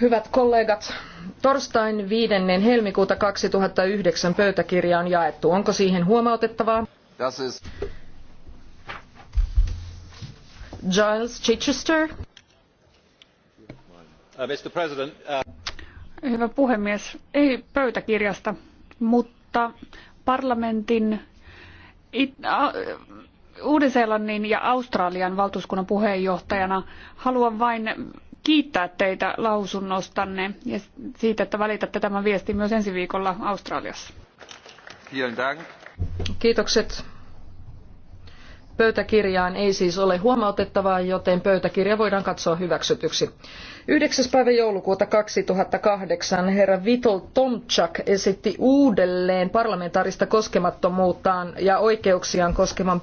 Hyvät kollegat, torstain 5. helmikuuta 2009 pöytäkirja on jaettu. Onko siihen huomautettavaa? Giles Chichester. Uh, uh- Hyvä puhemies, ei pöytäkirjasta, mutta parlamentin it, Uuden-Seelannin ja Australian valtuuskunnan puheenjohtajana haluan vain kiittää teitä lausunnostanne ja siitä, että välitätte tämän viestin myös ensi viikolla Australiassa. Kiitokset. Pöytäkirjaan ei siis ole huomautettavaa, joten pöytäkirja voidaan katsoa hyväksytyksi. 9. päivä joulukuuta 2008 herra Vitol Tomczak esitti uudelleen parlamentaarista koskemattomuuttaan ja oikeuksiaan koskevan